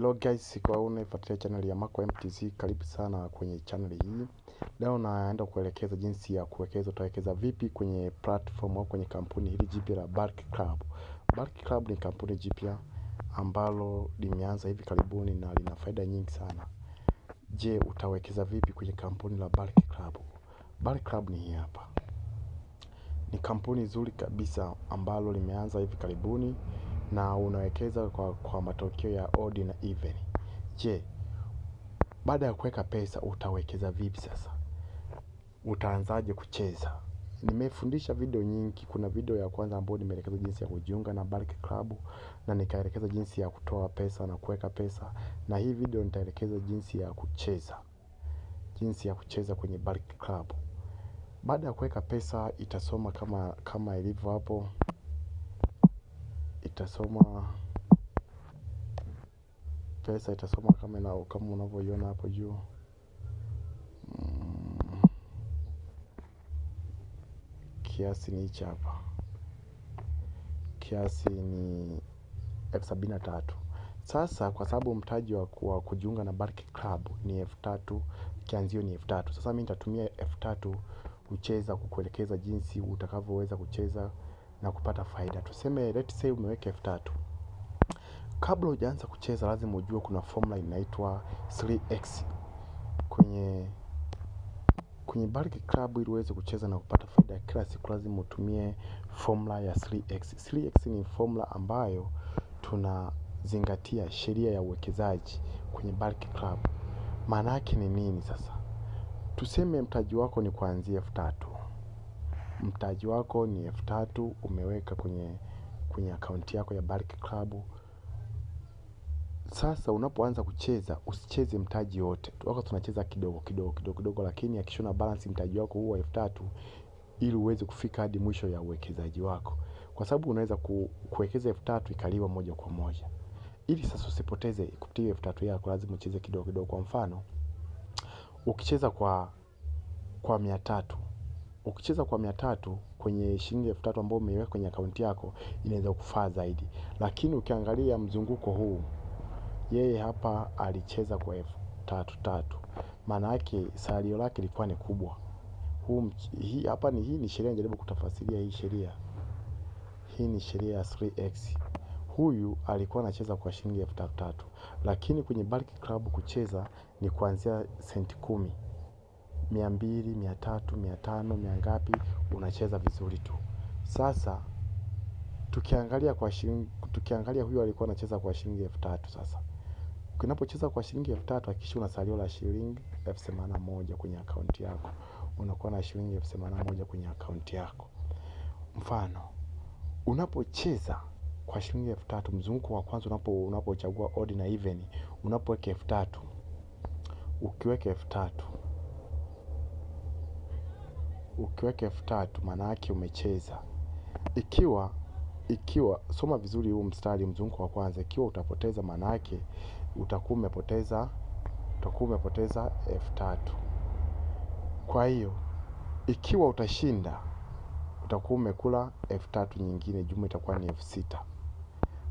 Hello guys, kwa unaifuatilia channel ya Mako MTZ, karibu sana kwenye channel hii. Leo naenda kuelekeza jinsi ya kuwekeza, utawekeza vipi kwenye platform au kwenye kampuni hili jipya la Barrick Club. Barrick Club ni kampuni jipya ambalo limeanza hivi karibuni na lina faida nyingi sana. Je, utawekeza vipi kwenye kampuni la Barrick Club? Barrick Club ni hii hapa. Ni kampuni zuri kabisa ambalo limeanza hivi karibuni na unawekeza kwa, kwa matokeo ya odd na even. Je, baada ya kuweka pesa utawekeza vipi sasa? Utaanzaje kucheza? Nimefundisha video nyingi. Kuna video ya kwanza ambayo nimeelekeza jinsi ya kujiunga na Barrick Club na nikaelekeza jinsi ya kutoa pesa na kuweka pesa, na hii video nitaelekeza jinsi ya kucheza, jinsi ya kucheza kwenye Barrick Club. Baada ya kuweka pesa itasoma kama, kama ilivyo hapo itasoma pesa itasoma kama unavyoiona hapo juu mm. kiasi ni hichi hapa kiasi ni elfu sabini na tatu sasa kwa sababu mtaji wa kujiunga na Barrick Club ni elfu tatu kianzio ni elfu tatu sasa mi nitatumia elfu tatu kucheza kukuelekeza jinsi utakavyoweza kucheza na kupata faida. Tuseme let's say umeweka elfu tatu. Kabla hujaanza kucheza lazima ujue kuna formula inaitwa 3x kwenye kwenye Barrick Club ili uweze kucheza na kupata faida kila siku lazima utumie formula ya 3x. 3x ni formula ambayo tunazingatia sheria ya uwekezaji kwenye Barrick Club. Maana yake ni nini sasa? Tuseme mtaji wako ni kuanzia elfu tatu mtaji wako ni elfu tatu umeweka kwenye kwenye akaunti yako ya Barrick Club. Sasa unapoanza kucheza usicheze mtaji wote. Tuwaka tunacheza kidogo kidogo kidogo kidogo lakini hakikisha balance mtaji wako huo elfu tatu ili uweze kufika hadi mwisho ya uwekezaji wako. Kwa sababu unaweza kuwekeza elfu tatu ikaliwa moja kwa moja. Ili sasa usipoteze kupitia elfu tatu yako lazima ucheze kidogo kidogo kwa mfano. Ukicheza kwa mia tatu ukicheza kwa mia tatu kwenye shilingi elfu tatu ambao umeiweka kwenye akaunti yako inaweza kufaa zaidi. Lakini ukiangalia mzunguko huu, yeye hapa alicheza kwa elfu tatu tatu. Maana yake salio lake lilikuwa ni kubwa. Hii hapa ni hii ni sheria najaribu kutafasiria hii sheria. Hii ni sheria ya 3x. Huyu alikuwa anacheza kwa shilingi elfu tatu tatu. Lakini kwenye Bulk Club kucheza ni kuanzia senti kumi mia mbili, mia tatu, mia tano, mia ngapi unacheza vizuri tu. Sasa tukiangalia kwa shilingi tukiangalia huyu alikuwa anacheza kwa shilingi elfu tatu sasa. Ukinapocheza kwa shilingi elfu tatu hakikisha una salio la shilingi elfu themanini na moja kwenye akaunti yako. Unakuwa na shilingi elfu themanini na moja kwenye akaunti yako. Mfano, unapocheza kwa shilingi elfu tatu mzunguko wa kwanza unapo unapochagua odd na even unapoweka elfu tatu ukiweka elfu tatu ukiweka elfu tatu maana yake umecheza. Ikiwa, ikiwa, soma vizuri huu mstari mzunguko wa kwanza. Ikiwa utapoteza yake utakuwa umepoteza, utakuwa umepoteza elfu tatu. Kwa hiyo, ikiwa utashinda utakuwa umekula elfu tatu nyingine, jumla itakuwa ni elfu sita.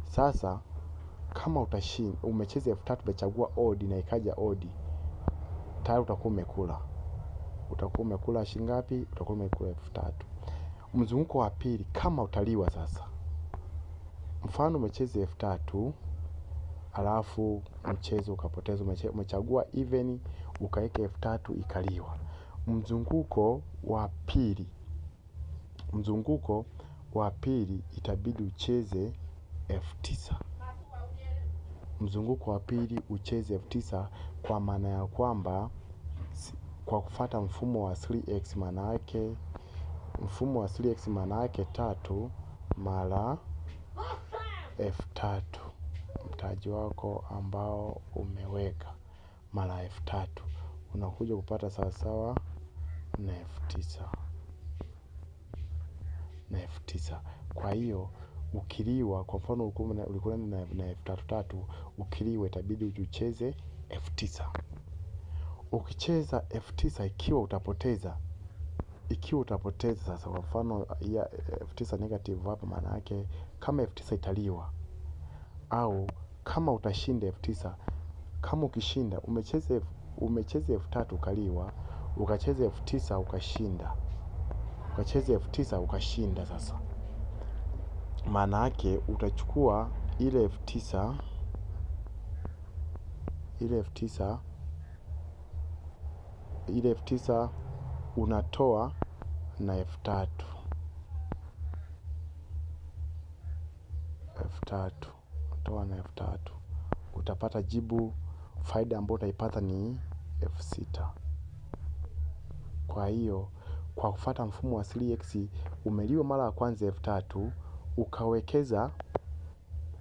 Sasa kama utashinda umecheza elfu tatu umechagua odi na ikaja odi, tayari utakuwa umekula utakuwa umekula shingapi, utakuwa umekula elfu tatu. Mzunguko wa pili kama utaliwa sasa, mfano umecheza elfu tatu alafu mchezo ukapoteza, umechagua even ukaweka elfu tatu ikaliwa. Mzunguko wa pili, mzunguko wa pili itabidi ucheze elfu tisa. Mzunguko wa pili ucheze elfu tisa kwa maana ya kwamba kwa kufata mfumo wa 3x maana yake mfumo wa 3x maana yake tatu mara elfu tatu mtaji wako ambao umeweka mara elfu tatu unakuja kupata sawasawa na elfu tisa na elfu tisa. Kwa hiyo ukiliwa kwa mfano ulikuwa na elfu tatu tatu ukiliwa itabidi ucheze elfu tisa ukicheza elfu tisa ikiwa utapoteza ikiwa utapoteza sasa, kwa mfano ya elfu tisa negative hapa, maana yake kama elfu tisa italiwa au kama utashinda elfu tisa kama ukishinda umecheza umecheza elfu tatu ukaliwa, ukacheza elfu tisa ukashinda, ukacheza elfu tisa ukashinda. Sasa maana yake utachukua ile elfu tisa ile elfu tisa ile elfu tisa unatoa na elfu tatu elfu tatu unatoa na elfu tatu utapata jibu, faida ambayo utaipata ni elfu sita. Kwa hiyo kwa kufata mfumo wa 3x umeliwa mara ya kwanza elfu tatu ukawekeza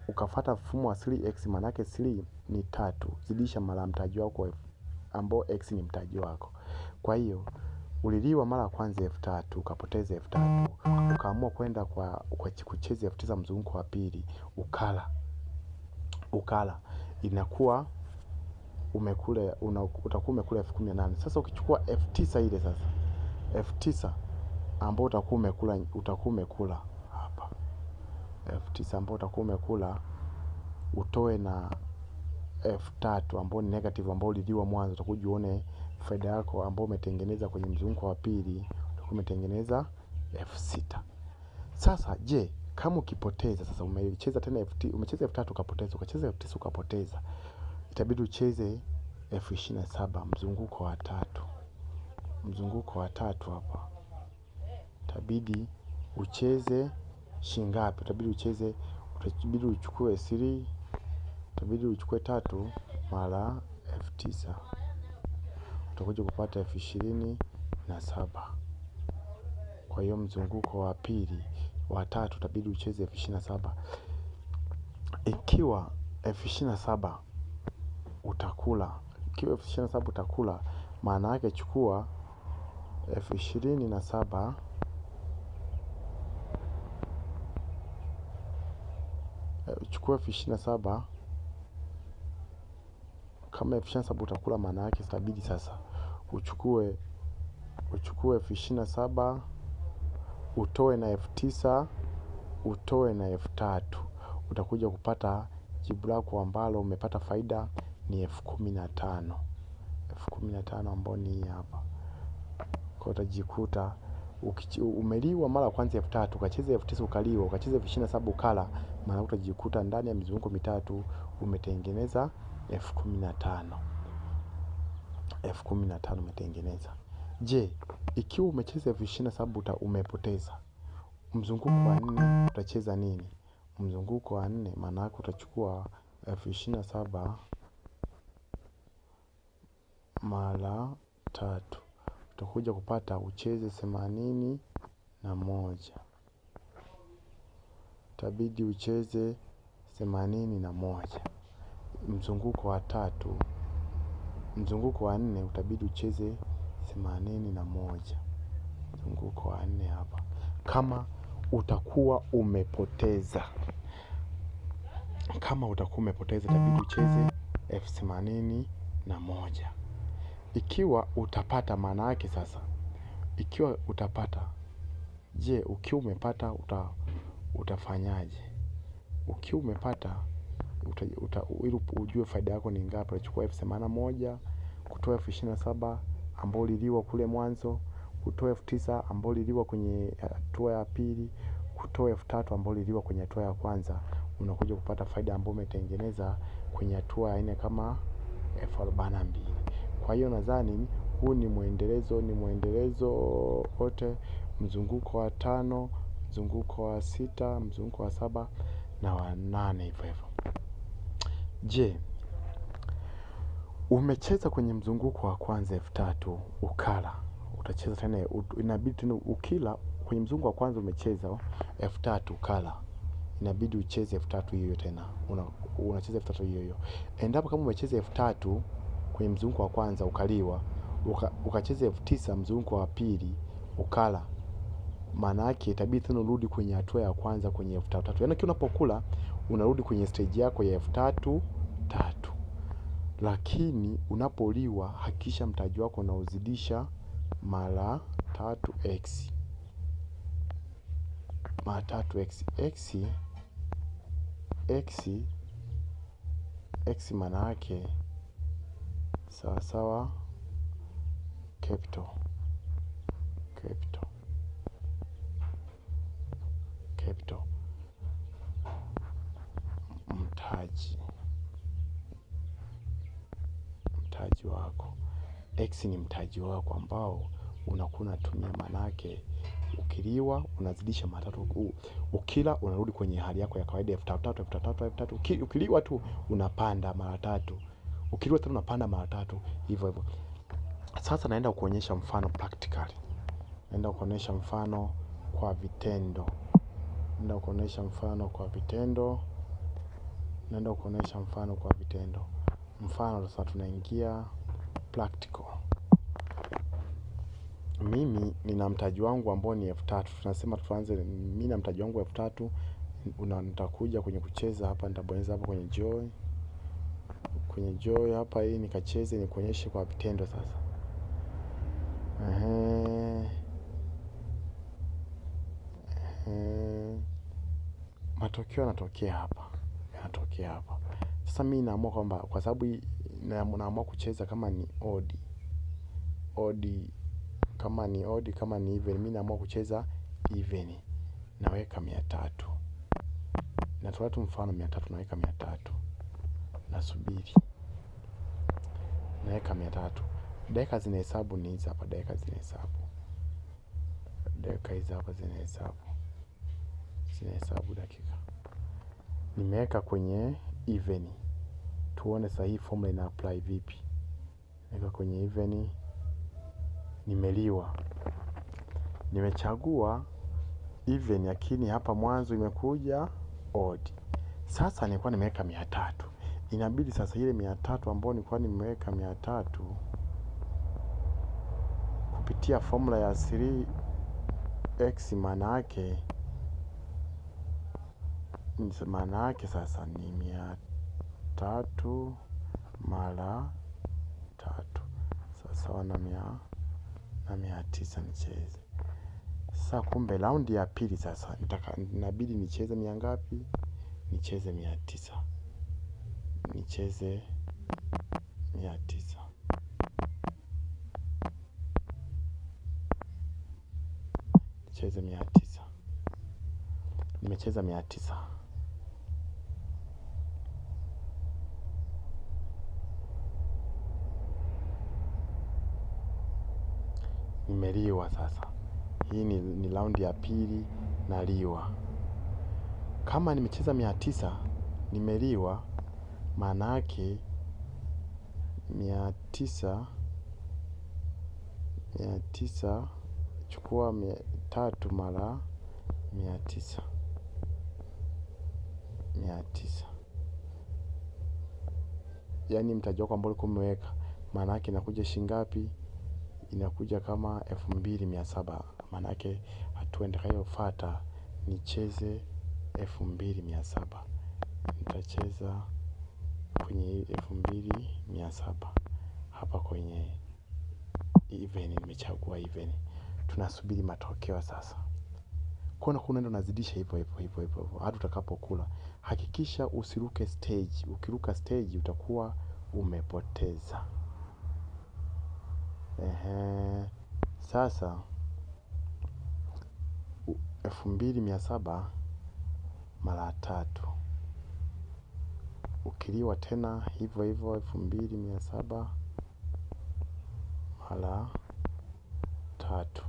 ukafata mfumo wa 3x, maanake 3 ni tatu, zidisha mara mtaji wako ambao x ni mtaji wako. Kwa hiyo uliliwa mara kwanza elfu tatu ukapoteza elfu tatu ukaamua kwenda kwa kucheza elfu tisa mzunguko wa pili ukala ukala inakuwa umekula utakuwa umekula elfu kumi na nane sasa ukichukua elfu tisa ile sasa elfu tisa ambao utakuwa umekula utakuwa umekula hapa elfu tisa ambao utakuwa umekula utoe na elfu tatu ambao ni negative ambao uliliwa mwanzo, utakuja uone faida yako ambao umetengeneza kwenye mzunguko wa pili utakuwa umetengeneza F6. Sasa je, kama ukipoteza sasa, umecheza tena umecheza F3 ukapoteza, ukacheza F9 ukapoteza, itabidi ucheze F27 mzunguko wa tatu. Mzunguko wa tatu hapa itabidi ucheze shilingi ngapi? Itabidi ucheze, itabidi uchukue siri itabidi uchukue tatu mara elfu tisa utakuja kupata elfu ishirini na saba kwa hiyo mzunguko wa pili wa tatu utabidi ucheze elfu ishirini na saba ikiwa elfu ishirini na saba utakula ikiwa elfu ishirini na saba utakula maana yake chukua elfu ishirini na saba eh, chukua elfu ishirini na saba kama elfu ishirini na saba utakula maana yake itabidi sasa uchukue uchukue elfu ishirini na saba utoe na elfu tisa utoe na elfu tatu utakuja kupata jibu lako ambalo umepata faida ni elfu kumi na tano elfu kumi na tano ambao ni hii hapa kwa utajikuta umeliwa mara kwanza elfu tatu ukacheza elfu tisa ukaliwa ukacheza elfu ishirini na saba ukala mara utajikuta ndani ya mizunguko mitatu umetengeneza elfu kumi na tano elfu kumi na tano umetengeneza je ikiwa umecheza elfu ishirini na saba umepoteza mzunguko wa nne utacheza nini mzunguko wa nne maana yake utachukua elfu ishirini na saba mara tatu utakuja kupata ucheze themanini na moja itabidi ucheze themanini na moja mzunguko wa tatu, mzunguko wa nne utabidi ucheze themanini na moja mzunguko wa nne hapa, kama utakuwa umepoteza, kama utakuwa umepoteza itabidi ucheze elfu themanini na moja. Ikiwa utapata maana yake sasa. Ikiwa utapata. Je, ukiwa umepata uta, utafanyaje? Ukiwa umepata uta, ili ujue faida yako ni ngapi utachukua elfu themanini na moja kutoa elfu ishirini na saba kule mwanzo kutoa elfu tisa ambao liliwa kwenye hatua ya pili kutoa elfu tatu ambayo liliwa kwenye hatua ya kwanza unakuja kupata faida ambayo umetengeneza kwenye hatua ya nne kama elfu arobaini na mbili. Kwa hiyo nadhani huu ni mwendelezo ni mwendelezo wote mzunguko wa tano, mzunguko wa sita, mzunguko wa saba na wa nane hivyo hivyo. Je, umecheza kwenye mzunguko wa kwanza elfu tatu ukala. Utacheza tena inabidi tena ukila kwenye mzunguko wa kwanza umecheza elfu tatu ukala. Inabidi ucheze elfu tatu hiyo tena. Unacheza elfu tatu hiyo hiyo. Endapo kama umecheza elfu tatu kwenye mzunguko wa kwanza ukaliwa, ukacheza uka elfu tisa mzunguko wa pili ukala, maana yake itabidi tena urudi kwenye hatua ya kwanza kwenye elfu tatu tatu. Yaani kila unapokula unarudi kwenye stage yako ya elfu tatu tatu, lakini unapoliwa hakikisha mtaji wako unaozidisha mara tatu x mara tatu x x x x maana yake sawasawa capital capital capital mtaji mtaji wako X ni mtaji wako ambao unakuwa unatumia manake ukiliwa unazidisha matatu ukila unarudi kwenye hali yako ya kawaida elfu tatu elfu tatu elfu tatu ukiliwa tu unapanda mara tatu. Ukirudi tena unapanda mara tatu hivyo hivyo. Sasa naenda kuonyesha mfano practical, Naenda kuonyesha mfano kwa vitendo. Naenda kuonyesha mfano kwa vitendo. Naenda kuonyesha mfano kwa vitendo. Mfano sasa tunaingia practical. Mimi nina mtaji wangu ambao ni elfu tatu. Tunasema tuanze mimi na mtaji wangu elfu tatu. Nitakuja kwenye kucheza hapa nitabonyeza hapa kwenye join kwenye joy hapa ili nikacheze nikuonyeshe kwa vitendo sasa. Ehe. Ehe. Matokeo yanatokea hapa, yanatokea hapa. Sasa mimi naamua kwamba kwa sababu naamua kucheza kama ni odi odi, kama ni odi, kama ni even, mimi naamua kucheza even, naweka mia tatu natolatu mfano mia tatu naweka mia tatu nasubiri naweka mia tatu dakika zinahesabu ni hizi hapa, dakika zinahesabu, dakika hizi hapa zinahesabu, zinahesabu dakika. Nimeweka kwenye even, tuone sasa hii formula ina apply vipi. Naweka kwenye even, nimeliwa, nimechagua even, lakini hapa mwanzo imekuja odd. Sasa nilikuwa nimeweka mia tatu inabidi sasa ile mia tatu ambayo nilikuwa nimeweka mia tatu kupitia formula ya 3x maana yake maana yake sasa ni mia tatu mara tatu sawasawa na mia na mia tisa nicheze sasa. Kumbe raundi ya pili sasa inabidi nicheze mia ngapi? Nicheze mia tisa nicheze mia tisa. Nicheze mia tisa. Nimecheza mia tisa. Nimeliwa sasa. Hii ni raundi ya pili naliwa. Kama nimecheza mia tisa nimeliwa. Manake mia tisa, mia tisa, chukua mia tatu mara mia tisa, mia tisa. yaani mtaji wako ambao ulikuwa umeweka manake inakuja shilingi ngapi? Inakuja kama elfu mbili mia saba. Manake hatua nitakayofuata nicheze elfu mbili mia saba. Nitacheza kwenye elfu mbili mia saba hapa kwenye even nimechagua even tunasubiri matokeo sasa kuona kuna ndo nazidisha hivyo hivyo hivyo hivyo hadi utakapokula. Hakikisha usiruke stage. Ukiruka stage utakuwa umepoteza. Sasa elfu mbili mia saba mara tatu ukiliwa tena hivyo hivyo elfu mbili mia saba mara tatu.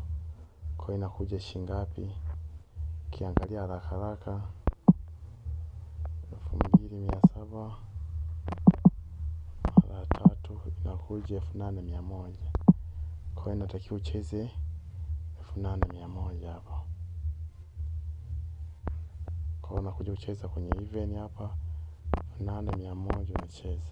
Kwa hiyo inakuja shingapi Ukiangalia haraka haraka elfu mbili mia saba mara tatu inakuja elfu nane mia moja. Kwa hiyo inatakiwa ucheze elfu nane mia moja hapa. Kwa hiyo unakuja kucheza kwenye even hapa nane mia moja unacheza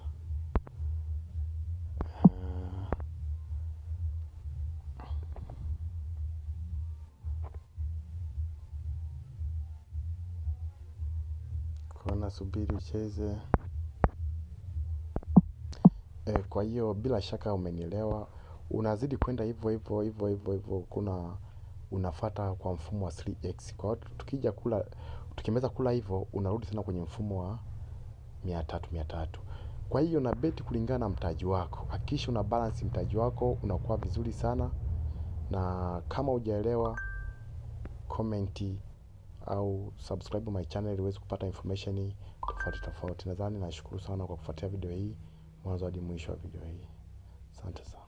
kwa nasubiri ucheze. E, kwa hiyo bila shaka umenielewa. Unazidi kuenda hivyo hivyo hivyo hivyo hivyo kuna unafuata kwa mfumo wa 3x. Kwa hiyo tukija kula, tukimeza kula hivyo unarudi tena kwenye mfumo wa mia tatu mia tatu. Kwa hiyo na beti kulingana na mtaji wako hakikisha una balance mtaji wako unakuwa vizuri sana. Na kama hujaelewa comment au subscribe my channel uweze kupata information tofauti tofauti. Nadhani nashukuru sana kwa kufuatia video hii mwanzo hadi mwisho wa video hii asante sana.